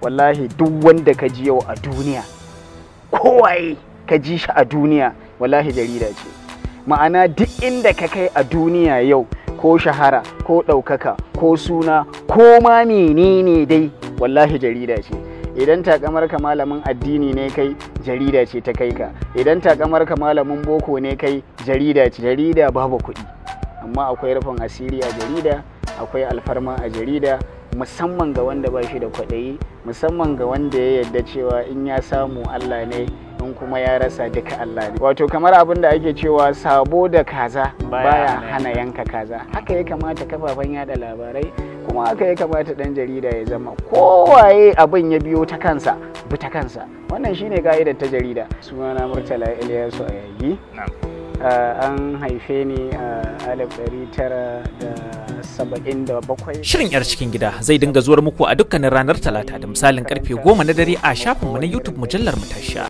wallahi duk wanda ka ji yau a duniya kowaye ka ji shi a duniya wallahi jarida ce ma'ana duk inda ka kai a duniya yau ko shahara ko ɗaukaka ko suna ko ma menene dai wallahi jarida ce idan takamar ka malamin addini ne kai jarida ce ta kai ka idan takamar ka malamin boko ne kai jarida ce jarida babu kuɗi amma akwai rufin asiri a jarida akwai alfarma a jarida musamman ga wanda ba shi da kwaɗayi musamman ga wanda ya yadda cewa in ya samu Allah ne in kuma ya rasa duka Allah ne wato kamar abin da ake cewa sabo da kaza baya hana yanka kaza haka ya kamata kafafen yada labarai kuma haka ya kamata dan jarida ya zama kowaye abin ya biyo ta kansa bi ta kansa wannan shine ka'idar ta jarida sunana murtala ilyasu a ah, an haife ni a ah, alif ɗari tara da Shirin 'yar cikin gida zai dinga zuwar muku a dukkanin ranar talata da misalin karfe 10 na dare a shafinmu na YouTube mujallar matashiya.